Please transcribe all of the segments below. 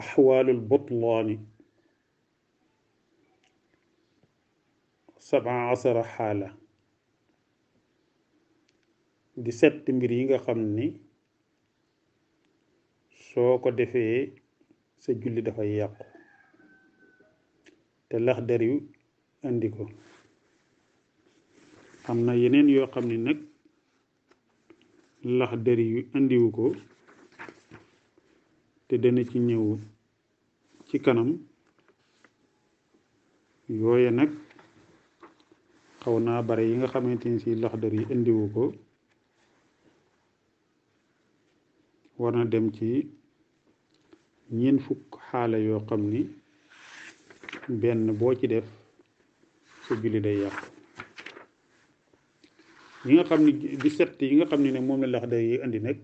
أحوال البطلان sab'a asara xaala di set mbir yi nga xam ni soo ko defee sa julli dafay yàqu te lax der yu indi ko am na yeneen yoo xam ni nag lax der yu indiwu ko te dana ci ñëw ci kanam yooye nag xaw naa bare yi nga xamante ni si laxdar yi indiwu ko war na dem ci ñeent fukk xaala yoo xam ni benn boo ci def sa julli day yàqu yi nga xam ni di set yi nga xam ni ne moom la laxdar yi indi nag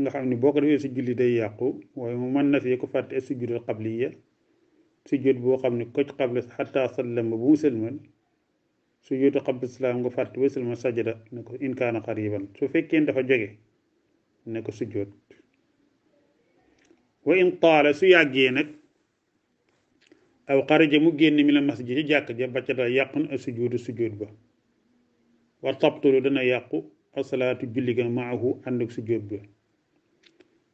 nga xam ni boo ko defee si julli day yàqu waaye mu mën na fee ko fàtte sujudal qabliya sujud boo xam ne koc xable xataa sallam bu mu man sujudu xable salam nga fàtte ba sëlmal sajada ne ko inkaana xariban su fekkee dafa jóge ne ko sujud wa in taala su yàggee nag aw xaraja mu génn mi la masjid ci jàkk ja bàcca dal yàqu sujud ba wa tabtulu dana yàqu asalaatu julli ga maahu ànd ak sujud ba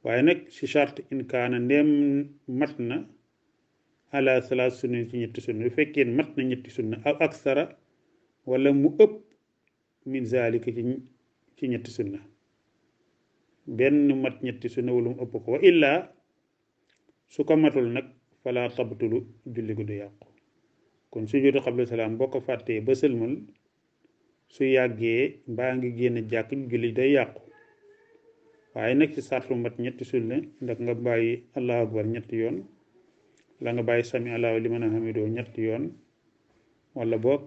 waaye nag si charte in kaana mat na ala salaat sunna ci ñetti sunna bu fekkee mat na ñetti sunna aw aksara walla mu ëpp min ci ñetti sunna benn mat ñetti sunna wala mu ëpp ko wa illaa su ko matul nag fala tabtulu julli gu du yàqu kon su jootu xabla salaam boo ko fàttee ba sëlmal su yàggee mbaa ngi génn jàkk julli day yàqu waaye nag ci sartu mat ñetti sulle ndax nga bàyyi allahu akbar ñetti yoon la nga bàyyi sami allahu liman hamidoo ñetti yoon wala boog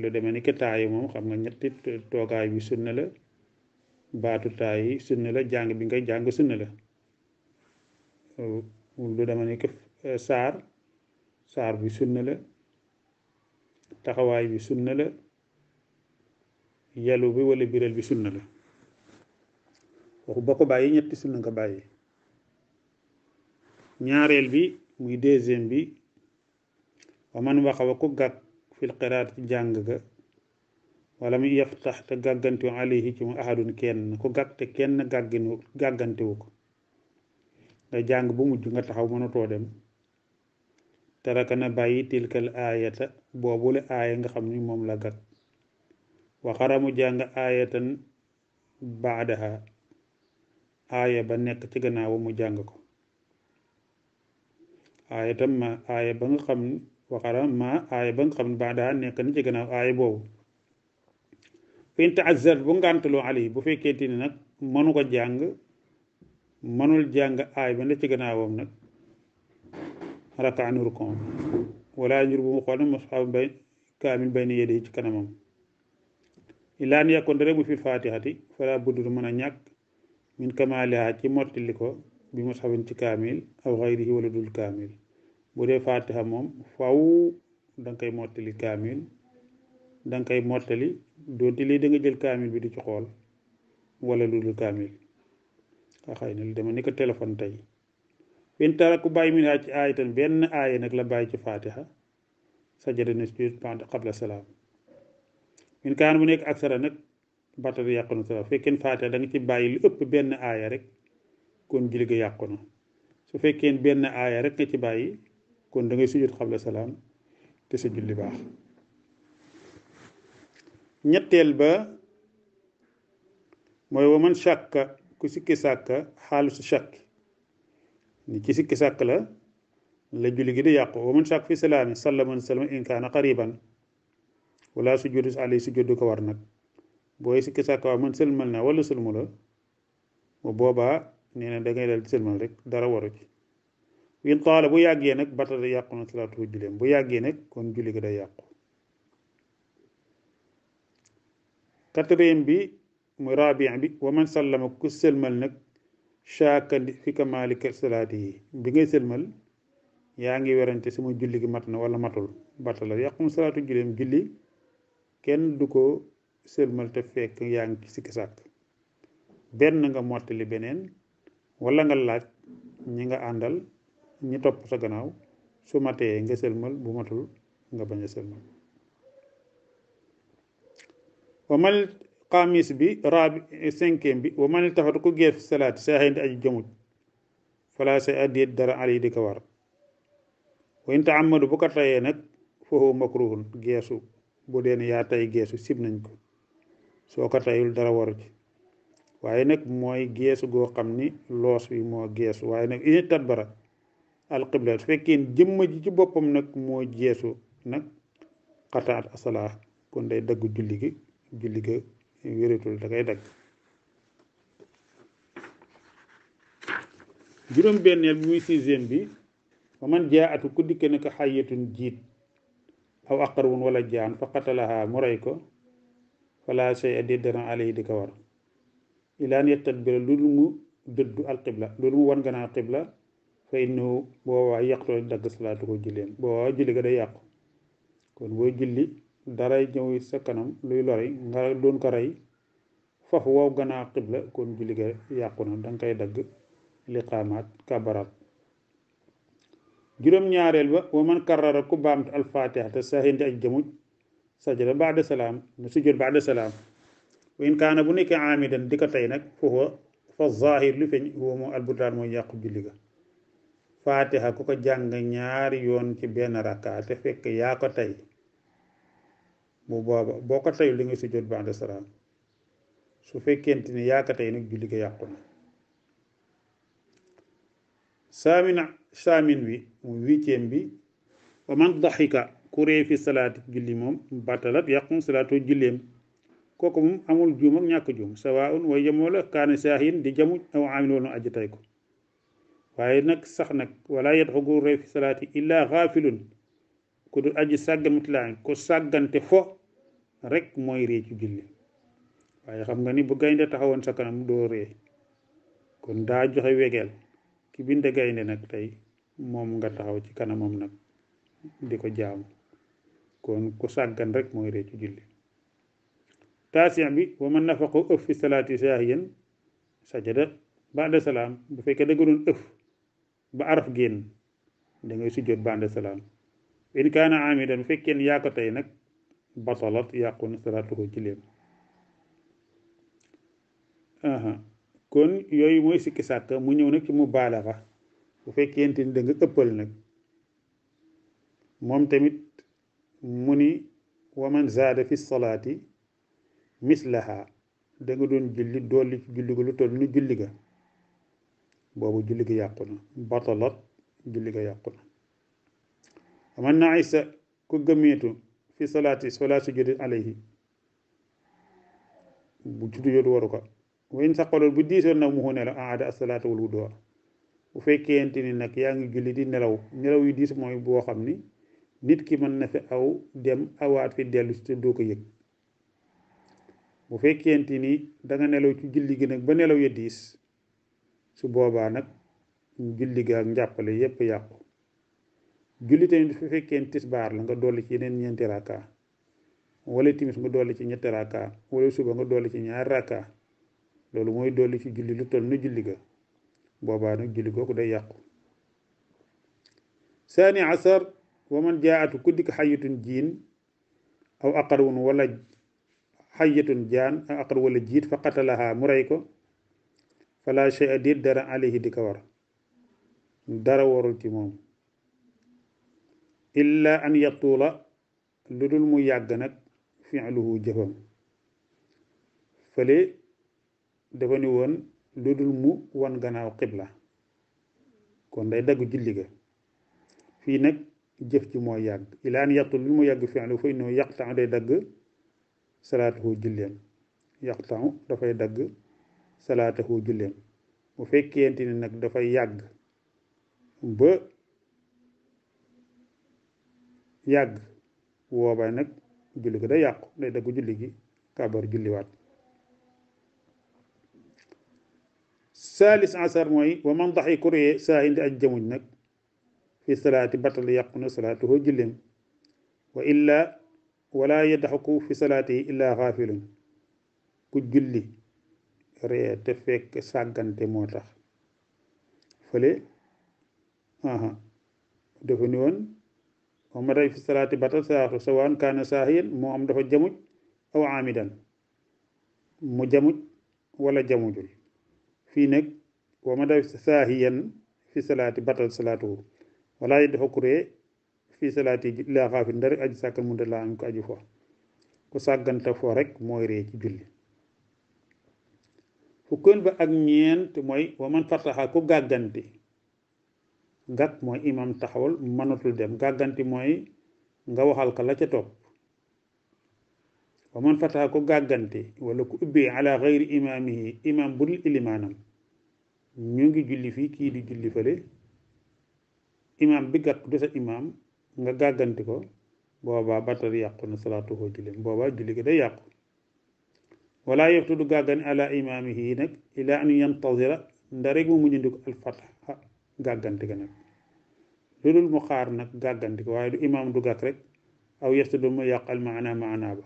lu demee ni ki taayi moom xam nga ñetti toogaay bi sunna la baatu taayi sunna la jàng bi ngay jàng sunna la lu demee ni ki eh, saar saar bi sunna la taxawaay bi sunna la yalu bi wala biral bi sunna la waxu ba ko bàyyi ñetti sunna nga bàyyi ñaareel bi muy deuxième bi wa man waxa wa ku gàkk fil qiraat jàng ga walla mu yaftax te gàggantewu alayhi ci mu ahadun kenn ku gàkk te kenn gàggantewu ko nga jàng bu mujj nga taxaw mënatoo dem taraka na bàyyi tilkal aayata boobule aaya nga xam ni moom la gàkk waxara mu jàng aayatan baadaha aaya ba nekk ci gannaaw mu jàng ko aaya tam ma aaya ba nga xam waxara ma aaya ba nga xam baadaa nekk na ci gannaaw aaya boobu fin taazar bu ngàntaloo ali bu fekkente ni nag mënu ko jàng mënul jàng aaya ba ne ci gannaawam nag rakaan rukon wala njur bu mu xool nag mosxaab bay kaamil bay ni yeddi ci kanamam ilaan yàkkoon dara bu fi faatihati fala budd mën a ñàkk min kamaaliha ci mottali ko bi mu sabin ci kaamil aw xayrihi wala dul kaamil bu dee fatiha moom faw danga koy mottali kaamil danga koy mottali doonte lii danga jël kaamil bi di ci xool wala lu dul kaamil xay xëy na li dama ni téléphone tey in tara ku bàyyi min ci aaya tan benn aaya nag la bàyyi ci fatiha sajada na sujud qabla salaam min kaan bu nekk aksara nag batatu yàqu na salaat su fekkee faatiha da nga ci bàyyi lu ëpp benn aaya rek kon julli ga yàqu su fekkee benn aaya rek nga ci bàyyi kon da ngay sujjóot xabla salaam te sa julli baax ñetteel ba mooy wa man ku sikki sàkka xaalu su shàkk ni ci sikki sàkk la la julli gi di yàqu wa man shàkk fi salaami sallaman salama in kaana qariban wala sujjóotu alayhi sujjóotu ko war nag booy sikki sàkk man sëlmal naa wala sëlmu la bu boobaa nee na da ngay dal sëlmal rek dara waru ci in taala bu yàggee nag batata yàqu na salaatu julleem bu yàggee nag kon julli day yàqu quatrième bi muy rabien bi wa man sallama ku ngi werante sama julli mat na wala matul julli kenn du ko sëlmal te fekk yaa ngi ci sikki sàkk benn nga mottali beneen walla nga laaj ñi nga àndal ñi topp sa gannaaw su matee nga sëlmal bu matul nga bañ a sëlmal wamal xamis bi raabi cinquième bi wamal taxatu ku geef salaati saaxeente aji jamuj fala sa addiet dara ali di ko war wa inta amadu bu ko tayee nag foofu makruhun geesu bu deen yaa tay geesu sib nañ ko soo ko tayul dara waru ci waaye nag mooy geesu goo xam ni loos wi moo geesu waaye nag ini tadbara alqibla su fekkee jëmm ji ci boppam nag moo geesu nag xataat asalaa kon day daggu julli gi julli ga wératul da dagg juróom benneel bi muy sixième bi fa man jaa atu ku dikke ne ko xayatun jiit aw aqarwun wala jaan fa xatalaha mu rey ko fala shay a déet dara alayhi di ko war ilaan yatadbira lu dul mu dëddu alqibla lu dul mu wan gannaaw alqibla fa innahu boobaa yàqtoo dagg salaatu ko julleem boobaa julli ga day yàqu kon booy julli dara ñëw sa kanam luy lori nga doon ko rey foofu wow gannaaw xibla kon julli ga yàqu na danga koy dagg liqaamaat kabaraat juróom-ñaareel ba wa man karara ku baamtu alfaatiha te saxinti ak jëmuj sajada baada salaam mu sujjoot baada salaam wa in kaana bu nekkee aamidan di ko tey nag foofa fa zaahir lu feeñ huwa moom albutaan mooy yàqu julli ga faatiha ku ko jàng ñaari yoon ci benn rakka te yaa ko tey bu booba boo ko tey li nga sujjoot baada salaam su fekkente ni yaa ko tey nag julli ga saamin saamin bi mu huitième bi wa man daxika kurée fi salaati julli moom battalat yàqum salaatu julleem kooku moom amul juum ñàkk juum sawaun way jamoo la kaane saahin di jamuj aw amil wala aji ko waaye nag sax nag wala yadxu kurée fi salaati illa xaafilun ku du aji sàggan mutilaan ko sàggante fo rek mooy rée ci julli waaye xam nga ni bu gaynde taxawoon sa kanam doo rée kon daa joxe wegeel ki bind gaynde nag tey moom nga taxaw ci kanamam nag di ko jaamu kon ku sàggan rek mooy réccu julli taasiya bi wa man nafaqa ëf fi salaati saahiyan sajada ba'da salaam bu fekkee da nga doon ëf ba araf génn da ngay salaam in kaana amidan bu fekkee yaa ko tey nag batalat yàqu na salaatuhu julleem kon yooyu mooy sikki sàkk mu ñëw nag ci mu baalaxa bu fekkente ni da nga ëppal nag moom tamit mu ni waman zaada fi salaati mislaha da doon julli dolli ci julli ga lu toll ni julli ga boobu julli ga yàqu na batalat julli ga yàqu na aman na isa ku gëmmeetu fi salaati solaa sujudi alayhi bu ci dujootu waru ko wayn sa xolool bu diisoon nag mu xu nelaw aada asalaata wal wuddoo bu fekkente ni nag yaa ngi julli di nelaw nelaw yu diis mooy boo xam ni nit ki man na fi aw dem awaat fi dellu ci te doo ko yëg bu fekkente ni da nga nelaw ci julli gi nag ba nelaw ya diis su boobaa nag julli ga ak njàppale yépp yàqu julli tamit su fekkeen tisbaar la nga dolli ci yeneen ñeenti raka wala timis nga dolli ci ñetti raka wala suba nga dolli ci ñaar raka loolu mooy dolli ci julli lu toll na julli ga boobaa nag julli googu day yàqu saani asar waman jaatu ku dikk xayatun jiin aw aqarwun wala xayatun jaan aw aqar wala jiit fa qatalaha mu rey ko fala shay a déet dara alayhi di ko war dara warul ci moom illa an yatuula lu dul mu yàgg nag fi'luhu jëfam fële dafa ni woon lu dul mu wan gannaaw xibla kon day daggu julli ga fii nag jëf ci mooy yàgg ilaan yàqul lu mu yàgg fi'lu fa innahu yaqta'u day dagg salaatahu julleem yaqta'u dafay dagg salaatahu julleem bu fekkente ni nag dafay yàgg ba yàgg wooba nag julli ko day yàqu day dagg julli gi kabar julliwaat saalis asar mooy wa man daxi kurée saa indi aj jamuñ nag fi salaati batal yàqu na salaatuhu julleem wa illaa walaa yadxaku fi salaati yi illaa ku julli ree te fekk sàggante moo tax fële aha dafa ni woon moom ma tey fi salaati batal salaatu sawaan kaana saahiyan moo am dafa jamuj aw amidan mu jamuj wala jamujul fii nag wa ma tey fi salaati batal salaatuhu wala yedde hokkude fi salaatiji illa xaafir ndari aji sàkkal munta la am ko aji fo ku sàgganta fo rek mooy ree ci julli fukkeel ba ak ñeent mooy wa man fartaxa ku gàgganti taxawal mënatul dem gàgganti mooy nga waxal ka la ca topp wa man fataha ko gàggante wala ku ubbee ala xayri imaamihi imam budul ilimaanam ñu ngi julli fii kii di julli fële imam bi gat sa imam nga gaganti ko boba batari yàqu na salaatu hoo julli booba julli gi day yaq wala yeftu du gagan ala imamihi nak ila an yantazira nda mu muñandi al fatah gaganti ga nak lu dul nak gaganti ko waaye du imam du gat rek aw yeftu ma yaqal mana maana maana ba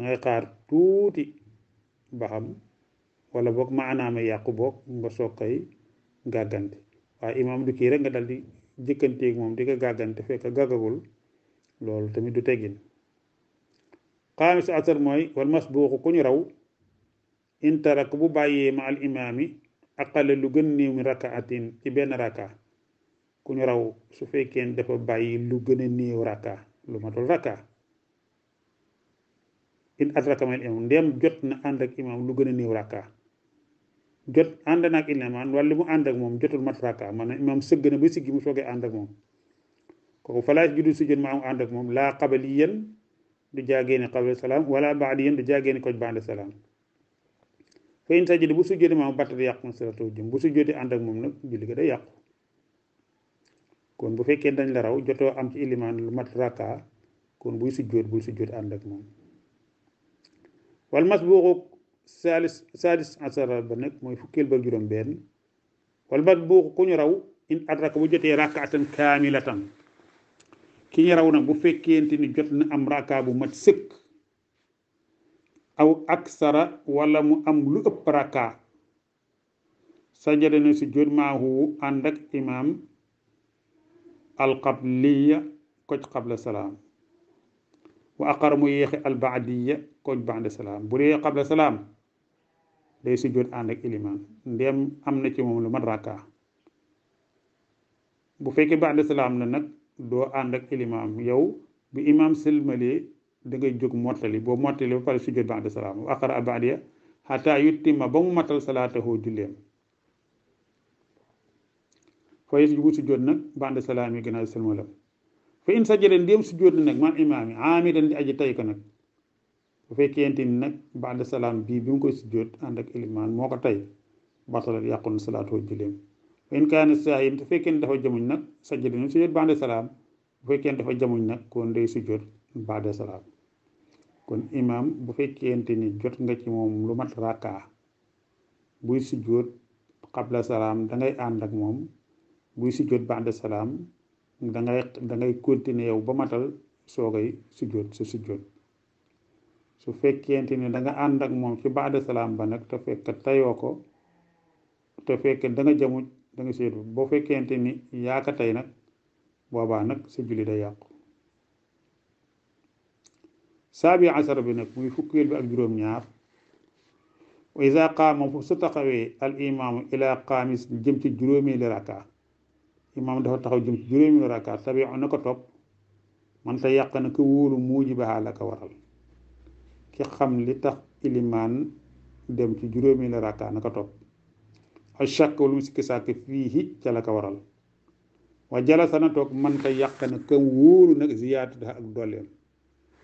ngay xaar tuuti ba xam wala boog ma yàqu bok nga sokay gaganti gàggante imam du ki rek nga daldi jëkkanteeg moom di ko gàggante fekk gàggagul loolu tamit du teggin xaamis asar mooy wal masbuuxu ku ñu raw intarak bu bàyyee ma al imaami aqale lu gën niiw mi rakaatin ci benn raka ku ñu raw su fekkee dafa bàyyi lu gën a néew raka lu matul raka in adraka ma al imaam ndem jot na ànd ak imaam lu gën a néew raka jot ànd nak ilimaan wala li mu ànd ak moom jotul matraka man maanaam imaam sëgg na ba siggi mu soogee ànd ak moom kooku falaaj ju dul sujjoot ma am ànd ak moom laa qabaliyan du jaagee ni qabla salaam wala baadiyan du jaagee ni koj baande salaam fa in sajjada bu sujjootee maam battat yàqu na salatu jëm bu sujjootee ànd ak moom nag julli ga day yàqu kon bu fekkee dañ la raw jotoo am ci ilimaan lu matraka kon buy sujjoot bul sujjoot ànd ak moom wal saalis saalis asara ba nag mooy fukkeel ba juróom benn wal matbuuqu ku ñu raw in adraka bu jotee rakatan kaamilatan ki ñu raw nag bu fekkente ni jot na am raka bu mat sëkk aw aksara wala mu am lu ëpp raka sajada na si jot maahu ànd ak imaam alqabliya koj qabla salaam wa aqar mu yéexe albaadiya kooj ba'da salaam bu dee qabla salaam day sujjóot ànd ak ilimaan ndéem am na ci moom lu mat rakka bu fekkee ba'da salaam la nag doo ànd ak ilimaam yow bi imaam sëlmalee da jóg mottali boo mottali ba pare sujjóot ba'da salaam wa aqra ba'diya xataa yuttima ba mu matal salaatahu julleem fa yasjudu sujjóot nag ba'da salaam yi gannaaw sëlmalam fa in sajada ndéem sujjóot nag man imaam yi aamidan di aji tay ko nag bu fekkente ni nag baada salaam bii bi mu koy sujjóot ànd ak ilimaan moo ko tey batalat yàqun salaatoo julleem wa in kaana saahim te fekkee dafa jamuñ nag sajjada na sujjóot baada salaam bu fekkee dafa jamuñ nag kon day sujjóot baada salaam kon imam bu fekkente ni jot nga ci moom lu mat rakkaa buy sujjóot salam salaam ngay ànd ak moom buy sujjóot baada salaam da ngay continuer yow ba matal soogay sujjóot sa sujjóot su fekkente ne da nga ànd ak moom ci baada salaam ba nag te fekk tayoo ko te fekk da nga jamuj da boo fekkente ni yaaka tey nag boobaa nag sa julli day yàqu saabi asar bi nag muy fukkeel bi ak juróom-ñaar wa isa qaama fu su taxawee al imaamu ilaa qaamis jëm ci juróomeeli raka imaam dafa taxaw jëm ci juróomeeli raka tabi na ko topp man te yàq na ko wóolu muuji baaxaa la ko waral ki xam li tax ilimaan dem ci juróomi la rakka naka topp a shakk lu mu sikki sàkk fii ca la ko waral wa jalasa na toog man ka yàq na kam wóolu nag ziyaada ak dolleem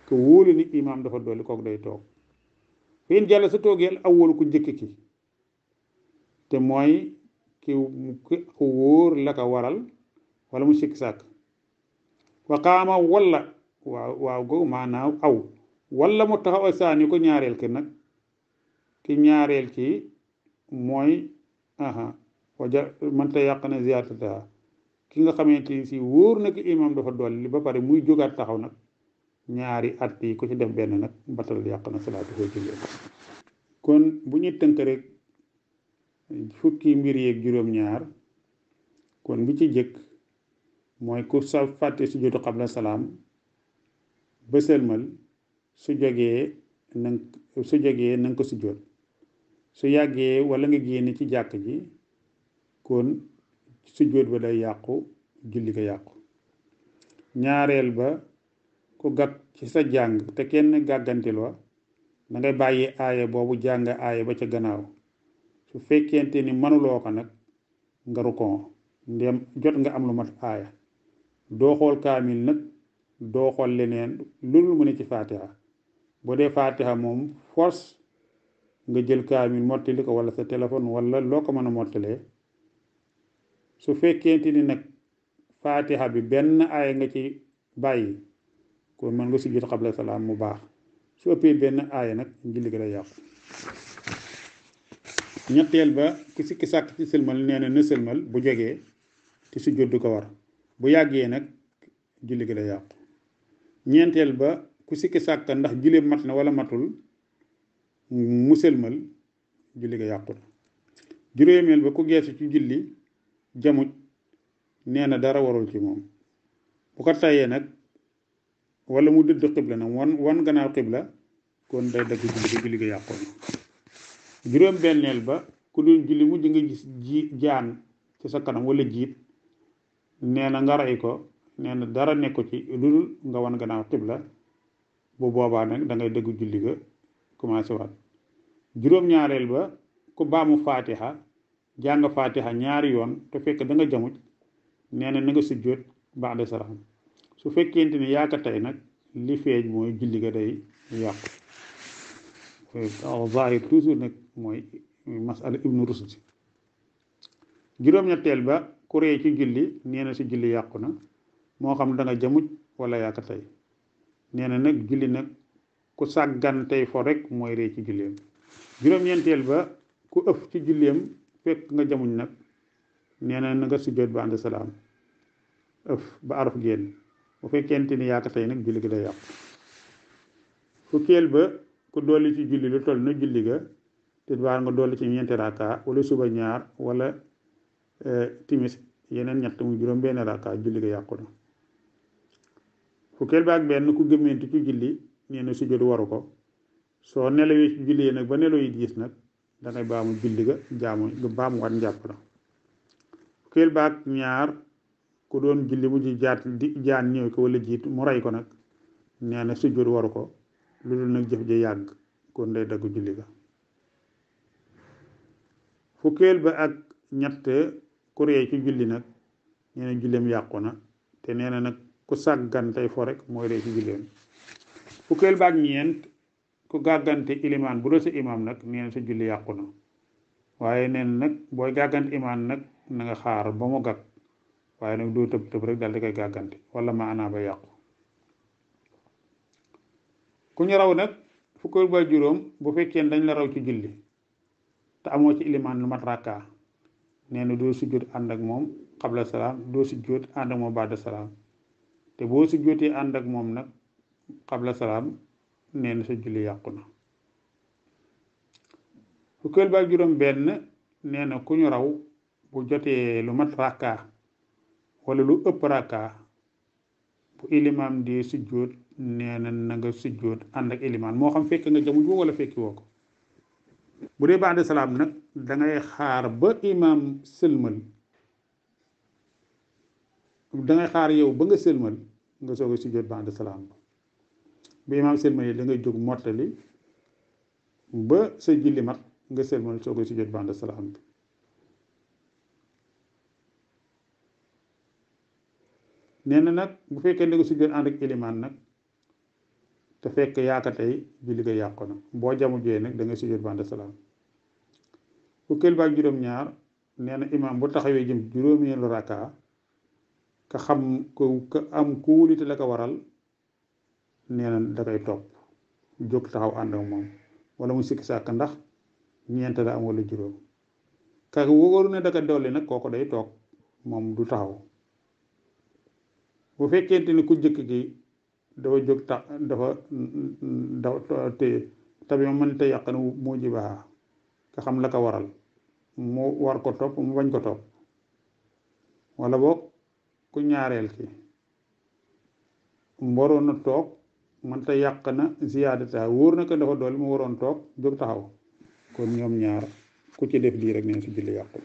ko wóolu ni imaam dafa dolli kook day toog fi in jalasa toogeel awwalu ku njëkk ki te mooy ki wóor la ko waral wala mu sikki sàkk wa qaama walla waaw waaw googu maanaaw aw wala mu taxaw ak saani ko ñaareel ki nag ki ñaareel ki mooy aha waja mënta yàq na ziyaarataha ki nga xamante ni si wóor na ki imam dafa dolli ba pare muy jógaat taxaw nag ñaari at yi ku ci def benn nag batal yàq na salaatu koy jullee kon bu ñu tënk rek fukki mbir yéeg juróom-ñaar kon bu ci jëkk mooy ku sa fàtte sujjóotu qabla salaam ba sëlmal su jógee na su jógee na nga ko sujjóot su yàggee walla nga génn ci jàkk ji kon sujjóot ba day yàqu julli ko yàqu ñaareel ba ku gàkk ci sa jàng te kenn gàggantil wa dangay bàyyi aaya boobu jàng aaya ba ca gannaaw su fekkente ni mënuloo ko nag nga rukon ndem jot nga am lu mat aaya dooxool xool kaamil nag doo xool leneen lu dul mu ne ci faatiha boo dee faatiha moom force nga jël kaamil mottali ko wala sa téléphone wala loo ko mën a mottalee su fekkente ni nag faatiha bi benn aaya nga ci bàyyi kon mën nga sujjóot xabla salaam mu baax su ëppee benn aaya nag njulli gi day ba ki sikki sàkk ci sëlmal nee na na sëlmal bu jegee te sujjóot du ko war bu yàggee nag julli gi day yàqu ñeenteel ba ku sikki sàkka ndax julleem mat na wala matul musel sëlmal julli ga yàqu na juróomeel ba ku geesu ci julli jamuj nee na dara warul ci moom bu ko tàyyee nag wala mu dëdd xibla nag wan wan gannaaw xibla kon day dagg julli ga julli ga yàqoon juróom benneel ba ku dul julli mujj nga gis ji jaan ci sa kanam wala jiit nee na nga rey ko nee dara nekku ci dul nga wan gannaaw xibla bu boobaa nag da ngay dëgg julli ga commencé waat juróom-ñaareel ba ku baamu faatiha jàng faatiha ñaari yoon te fekk da nga jamuj nee na na nga sujjóot baax de su fekkente ni yaaka tey nag li feeñ mooy julli ga day yàqu zahir toujours nag mooy masala ibnu rusd juróom-ñetteel ba ku ree ci julli neena si julli yàqu na moo xam da nga jamuj wala yaaka tey nee na nag julli nag ku sàggan tey fo rek mooy ree ci julleem juróom-ñeenteel ba ku ëf ci julleem fekk nga jamuñ nag nee na nga sujjoot ba ànd salaam ëf ba araf génn bu fekkente ni yaaka tey nag julli gi day yàqu fukkeel ba ku dolli ci julli lu toll na julli ga te waar nga dolli ci ñeenti raaka wala suba ñaar wala eh, timis yeneen ñett mu juróom benn raaka julli ga yàqu na ku kelbaak benn ku gëmeenti ku julli nee na sujjadu waru ko soo nelawe julli nag ba nelawit gis nag dangay baamu julli ga jaamu baamu wat njàpp na ku kelbaak ñaar ku doon julli mu ji jaat di jaan ñëw ko wala jiit mu rey ko nag nee na sujjadu waru ko loolu nag jëf ja yàgg kon day dagg julli ga fukkeel ba ak ñett kuree ci julli nag nee na jullem yàqu na te nee na nag ku sàggan tey fo rek mooy dee ci ko fukkeel baag ñeent ku gàggante ilimaan bu doo sa imaam nag neen sa julli yàqu na waaye neen nag booy gàggante imaan nag na nga xaar ba mu gag waaye nag doo tëb tëb rek daal di koy gàggante wala maanaa ba yàqu ku ñu raw nag fukkeel ba juróom bu fekkee dañ la raw ci julli te amoo ci ilimaan lu mat rakkaa nee na doo sujjóot ànd ak moom qabla salaam doo sujjóot ànd ak moom baada salaam te boo sujjóotee ànd ak moom nag xabla salaam nee na sa julli yàqu na fukkeel ba juróom benn nee na ku ñu raw bu jotee lu mat ràkka wala lu ëpp ràkka bu ilimaam di sujjóot nee na na nga sujjóot ànd ak ilimaan moo xam fekk nga jamuj woo wala fekki woo ko bu dee ba'da salaam nag da xaar ba imaam sëlmal dangay xaar yow ba nga sëlmal nga soog a sujjóot ba'da salaam ba imaam sëlmalee da ngay jóg mottali ba sa julli mat nga sëlmal soog a sujjóot ba'da salaam bi nee na nag bu fekkee da nga sujjóot ànd ak ilimaan nag te fekk yaaka tey julli ga yàqu na boo jamu jee nag da ngay sujjóot ba'da salaam fukkeel ba ak juróom-ñaar nee na imaam bu taxawee jëm juróomeelu rakaa ka xam ko ka am kuulite la ko waral nee na da koy topp jóg taxaw ànd ak moom wala mu sikki sàkk ndax ñeent la am wala juróom ka wóoru ne da ko dolli nag kooku day toog moom du taxaw bu fekkente ni ku jëkk gi dafa jóg ta dafa dafa te tabi ma mën te yàqan moo ji ka xam la ko waral mu war ko topp mu bañ ko topp wala boog ku ñaareel ki waroon na toog man te yàq na ziyaadata wóor na ko dafa dool mu waroon toog jóg taxaw kon ñoom ñaar ku ci def lii rek neen si julli yàqu